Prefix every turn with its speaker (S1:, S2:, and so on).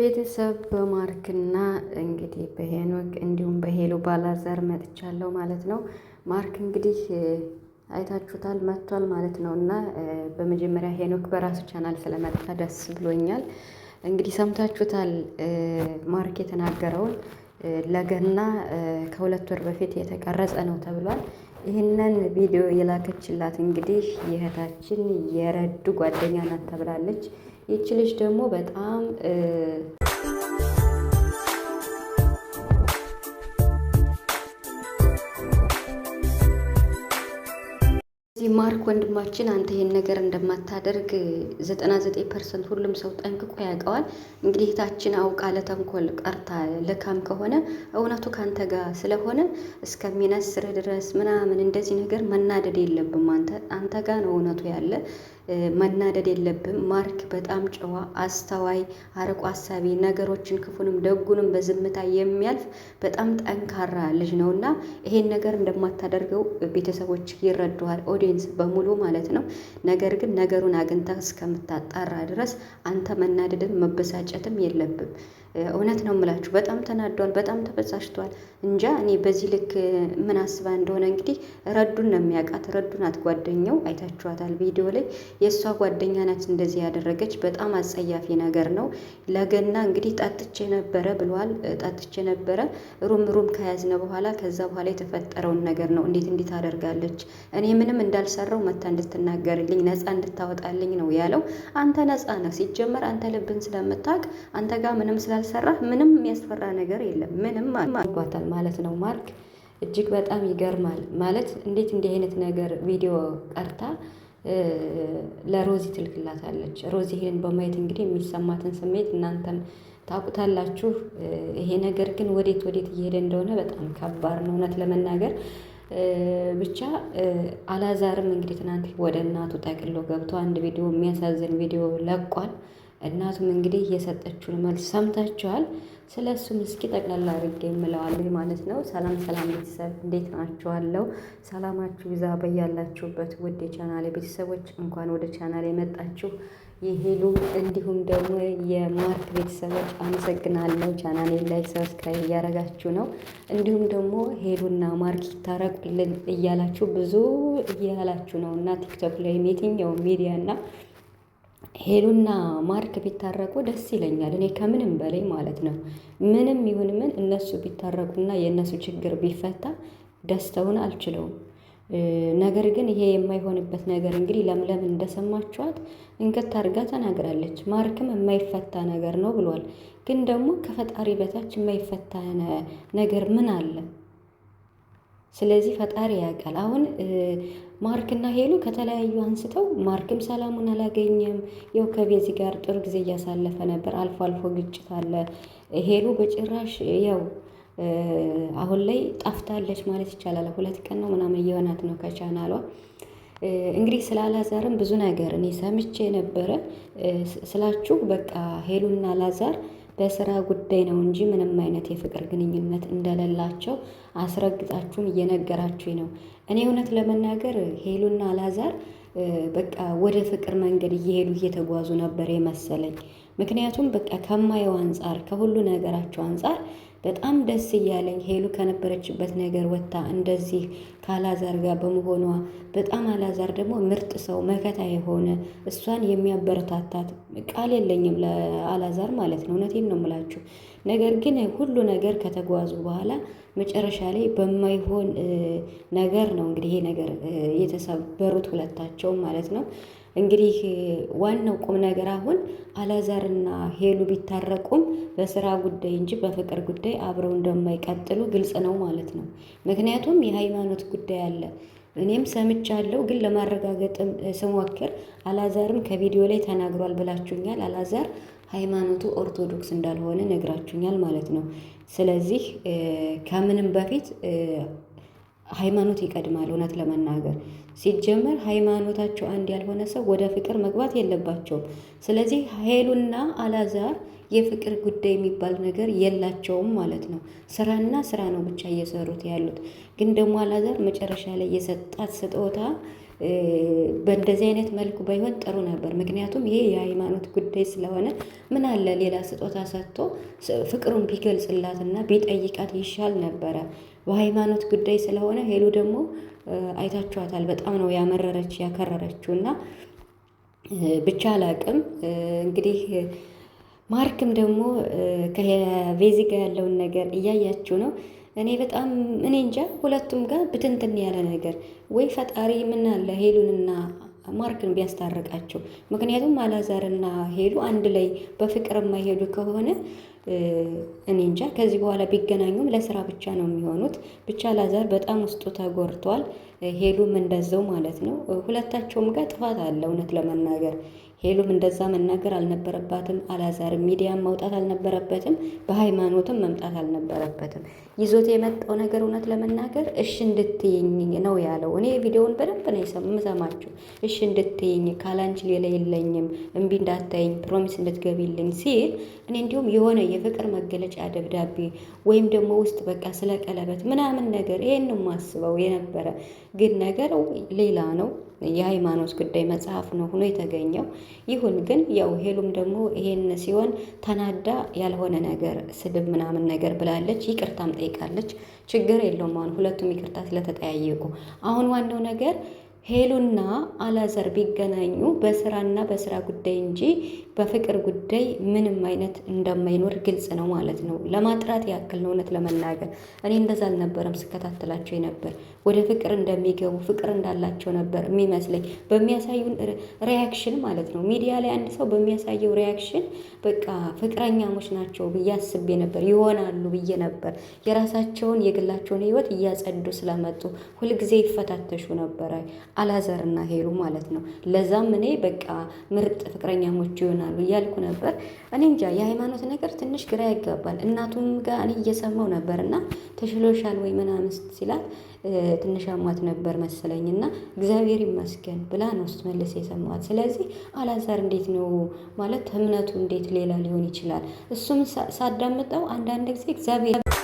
S1: ቤተሰብ በማርክና እንግዲህ በሄኖክ እንዲሁም በሄሉ ባላዘር መጥቻለሁ ማለት ነው። ማርክ እንግዲህ አይታችሁታል መጥቷል ማለት ነው እና በመጀመሪያ ሄኖክ በራሱ ቻናል ስለመጣ ደስ ብሎኛል። እንግዲህ ሰምታችሁታል ማርክ የተናገረውን ለገና ከሁለት ወር በፊት የተቀረጸ ነው ተብሏል። ይህንን ቪዲዮ የላከችላት እንግዲህ የእህታችን የረዱ ጓደኛ ናት ተብላለች። ይቺ ልጅ ደግሞ በጣም ማርክ ወንድማችን አንተ ይህን ነገር እንደማታደርግ ዘጠና ዘጠኝ ፐርሰንት ሁሉም ሰው ጠንቅቆ ያውቀዋል። እንግዲህ እህታችን አውቃ ለተንኮል ቀርታ ልካም ከሆነ እውነቱ ከአንተ ጋር ስለሆነ እስከሚነስር ድረስ ምናምን እንደዚህ ነገር መናደድ የለብም። አንተ ጋር ነው እውነቱ ያለ፣ መናደድ የለብም። ማርክ በጣም ጨዋ፣ አስተዋይ፣ አርቆ አሳቢ፣ ነገሮችን ክፉንም ደጉንም በዝምታ የሚያልፍ በጣም ጠንካራ ልጅ ነው እና ይሄን ነገር እንደማታደርገው ቤተሰቦች ይረዱሃል። ዲቴይልስ በሙሉ ማለት ነው። ነገር ግን ነገሩን አግኝተህ እስከምታጣራ ድረስ አንተ መናደድም መበሳጨትም የለብም። እውነት ነው የምላችሁ በጣም ተናዷል፣ በጣም ተበሳሽቷል። እንጃ እኔ በዚህ ልክ ምን አስባ እንደሆነ እንግዲህ ረዱን ነው የሚያውቃት። ረዱ ናት ጓደኛው፣ አይታችኋታል ቪዲዮ ላይ የእሷ ጓደኛ ናት እንደዚህ ያደረገች። በጣም አጸያፊ ነገር ነው። ለገና እንግዲህ ጠጥቼ ነበረ ብሏል። ጠጥቼ ነበረ ሩም ሩም ከያዝነ በኋላ ከዛ በኋላ የተፈጠረውን ነገር ነው። እንዴት እንዴት አደርጋለች እኔ ምንም እንዳልሰራው መታ እንድትናገርልኝ ነፃ እንድታወጣልኝ ነው ያለው። አንተ ነፃ ነህ ሲጀመር አንተ ልብን ስለምታውቅ አንተ ጋር ምንም ስላ ካልሰራህ ምንም የሚያስፈራ ነገር የለም። ምንም ይጓታል ማለት ነው። ማርክ እጅግ በጣም ይገርማል ማለት እንዴት እንዲህ አይነት ነገር ቪዲዮ ቀርታ ለሮዚ ትልክላታለች። ሮዚ ይሄን በማየት እንግዲህ የሚሰማትን ስሜት እናንተም ታውቁታላችሁ። ይሄ ነገር ግን ወዴት ወዴት እየሄደ እንደሆነ በጣም ከባድ ነው እውነት ለመናገር ብቻ አላዛርም እንግዲህ ትናንት ወደ እናቱ ጠቅሎ ገብቶ አንድ ቪዲዮ የሚያሳዝን ቪዲዮ ለቋል። እናቱም እንግዲህ የሰጠችውን መልስ ሰምታችኋል። ስለ እሱም እስኪ ጠቅላላ አድርጌ የምለዋለሁ ማለት ነው። ሰላም ሰላም ቤተሰብ እንዴት ናችኋለሁ? ሰላማችሁ ይዛ በያላችሁበት ውድ የቻናሌ ቤተሰቦች እንኳን ወደ ቻናሌ የመጣችሁ የሄሉ እንዲሁም ደግሞ የማርክ ቤተሰቦች አመሰግናለሁ። ቻናሌ ላይ ሰብስክራይብ እያደረጋችሁ ነው። እንዲሁም ደግሞ ሄሉና ማርክ ይታረቁልን እያላችሁ ብዙ እያላችሁ ነው እና ቲክቶክ ላይ የትኛው ሚዲያ እና ሄሉና ማርክ ቢታረቁ ደስ ይለኛል። እኔ ከምንም በላይ ማለት ነው ምንም ይሁን ምን እነሱ ቢታረቁና የእነሱ ችግር ቢፈታ ደስተውን አልችለውም። ነገር ግን ይሄ የማይሆንበት ነገር እንግዲህ ለምለም እንደሰማችኋት እንቅት አድርጋ ተናግራለች። ማርክም የማይፈታ ነገር ነው ብሏል። ግን ደግሞ ከፈጣሪ በታች የማይፈታ ነገር ምን አለ? ስለዚህ ፈጣሪ ያውቃል። አሁን ማርክና ሄሉ ከተለያዩ አንስተው ማርክም ሰላሙን አላገኘም። ያው ከቤዚ ጋር ጥሩ ጊዜ እያሳለፈ ነበር። አልፎ አልፎ ግጭት አለ። ሄሉ በጭራሽ ያው አሁን ላይ ጠፍታለች ማለት ይቻላል። ሁለት ቀን ነው ምናምን እየሆናት ነው ከቻናሏ እንግዲህ ስለ አላዛርም ብዙ ነገር እኔ ሰምቼ ነበረ ስላችሁ በቃ ሄሉና አላዛር በስራ ጉዳይ ነው እንጂ ምንም አይነት የፍቅር ግንኙነት እንደሌላቸው አስረግጣችሁም እየነገራችሁኝ ነው። እኔ እውነት ለመናገር ሄሉና አላዛር በቃ ወደ ፍቅር መንገድ እየሄዱ እየተጓዙ ነበር የመሰለኝ። ምክንያቱም በቃ ከማየው አንጻር ከሁሉ ነገራቸው አንጻር በጣም ደስ እያለኝ ሄሉ ከነበረችበት ነገር ወጥታ እንደዚህ ከአላዛር ጋር በመሆኗ በጣም አላዛር ደግሞ ምርጥ ሰው መከታ የሆነ እሷን የሚያበረታታት ቃል የለኝም ለአላዛር ማለት ነው። እውነቴን ነው የምላችሁ። ነገር ግን ሁሉ ነገር ከተጓዙ በኋላ መጨረሻ ላይ በማይሆን ነገር ነው እንግዲህ ይሄ ነገር የተሰበሩት ሁለታቸውም ማለት ነው። እንግዲህ ዋናው ቁም ነገር አሁን አላዛርና ሄሉ ቢታረቁም በስራ ጉዳይ እንጂ በፍቅር ጉዳይ አብረው እንደማይቀጥሉ ግልጽ ነው ማለት ነው። ምክንያቱም የሃይማኖት ጉዳይ አለ። እኔም ሰምቻለሁ፣ ግን ለማረጋገጥም ስሞክር አላዛርም ከቪዲዮ ላይ ተናግሯል ብላችሁኛል። አላዛር ሃይማኖቱ ኦርቶዶክስ እንዳልሆነ ነግራችሁኛል ማለት ነው። ስለዚህ ከምንም በፊት ሃይማኖት ይቀድማል። እውነት ለመናገር ሲጀመር ሃይማኖታቸው አንድ ያልሆነ ሰው ወደ ፍቅር መግባት የለባቸውም። ስለዚህ ሄሉና አላዛር የፍቅር ጉዳይ የሚባል ነገር የላቸውም ማለት ነው። ስራና ስራ ነው ብቻ እየሰሩት ያሉት። ግን ደግሞ አላዛር መጨረሻ ላይ የሰጣት ስጦታ በእንደዚህ አይነት መልኩ ባይሆን ጥሩ ነበር። ምክንያቱም ይሄ የሃይማኖት ጉዳይ ስለሆነ ምን አለ ሌላ ስጦታ ሰጥቶ ፍቅሩን ቢገልጽላትና ቢጠይቃት ይሻል ነበረ። በሃይማኖት ጉዳይ ስለሆነ ሄሉ ደግሞ አይታችኋታል። በጣም ነው ያመረረች ያከረረችው እና ብቻ አላቅም እንግዲህ ማርክም ደግሞ ከቬዚ ጋር ያለውን ነገር እያያችው ነው። እኔ በጣም እኔ እንጃ ሁለቱም ጋር ብትንትን ያለ ነገር ወይ ፈጣሪ ምናለ ሄሉንና ማርክን ቢያስታርቃቸው። ምክንያቱም አላዛርና ሄሉ አንድ ላይ በፍቅር የማይሄዱ ከሆነ እኔ እንጃ ከዚህ በኋላ ቢገናኙም ለስራ ብቻ ነው የሚሆኑት። ብቻ ላዛር በጣም ውስጡ ተጎርቷል። ሄሉም እንደዛው ማለት ነው። ሁለታቸውም ጋር ጥፋት አለ እውነት ለመናገር ሄሉም እንደዛ መናገር አልነበረባትም። አላዛር ሚዲያም ማውጣት አልነበረበትም። በሃይማኖትም መምጣት አልነበረበትም። ይዞት የመጣው ነገር እውነት ለመናገር እሽ እንድትይኝ ነው ያለው። እኔ ቪዲዮውን በደንብ ነው የምሰማችሁ። እሽ እንድትይኝ ካላንች ሌላ የለኝም፣ እምቢ እንዳታይኝ፣ ፕሮሚስ እንድትገቢልኝ ሲል እኔ እንዲሁም የሆነ የ የፍቅር መገለጫ ደብዳቤ ወይም ደግሞ ውስጥ በቃ ስለ ቀለበት ምናምን ነገር ይሄን ማስበው የነበረ ግን ነገር ሌላ ነው። የሃይማኖት ጉዳይ መጽሐፍ ነው ሆኖ የተገኘው። ይሁን ግን ያው ሄሉም ደግሞ ይሄን ሲሆን ተናዳ ያልሆነ ነገር ስድብ ምናምን ነገር ብላለች። ይቅርታም ጠይቃለች። ችግር የለውም አሁን ሁለቱም ይቅርታ ስለተጠያየቁ አሁን ዋናው ነገር ሄሉና አላዘር ቢገናኙ በስራና በስራ ጉዳይ እንጂ በፍቅር ጉዳይ ምንም አይነት እንደማይኖር ግልጽ ነው ማለት ነው። ለማጥራት ያክል ነው። እውነት ለመናገር እኔ እንደዛ አልነበረም ስከታተላቸው የነበር ወደ ፍቅር እንደሚገቡ ፍቅር እንዳላቸው ነበር የሚመስለኝ በሚያሳዩን ሪያክሽን ማለት ነው። ሚዲያ ላይ አንድ ሰው በሚያሳየው ሪያክሽን በቃ ፍቅረኛሞች ናቸው ብዬ አስቤ ነበር፣ ይሆናሉ ብዬ ነበር። የራሳቸውን የግላቸውን ህይወት እያጸዱ ስለመጡ ሁልጊዜ ይፈታተሹ ነበረ። አላዘር እና ሄሉ ማለት ነው። ለዛም እኔ በቃ ምርጥ ፍቅረኛሞች ይሆናሉ እያልኩ ነበር። እኔ እንጃ የሃይማኖት ነገር ትንሽ ግራ ያጋባል። እናቱም ጋር እኔ እየሰማው ነበር እና ተሽሎሻል ወይ ምናምን ሲላት ትንሽ አሟት ነበር መሰለኝ እና እግዚአብሔር ይመስገን ብላ ነው ስትመልስ የሰማት። ስለዚህ አላዛር እንዴት ነው ማለት እምነቱ እንዴት ሌላ ሊሆን ይችላል? እሱም ሳዳምጠው አንዳንድ ጊዜ እግዚአብሔር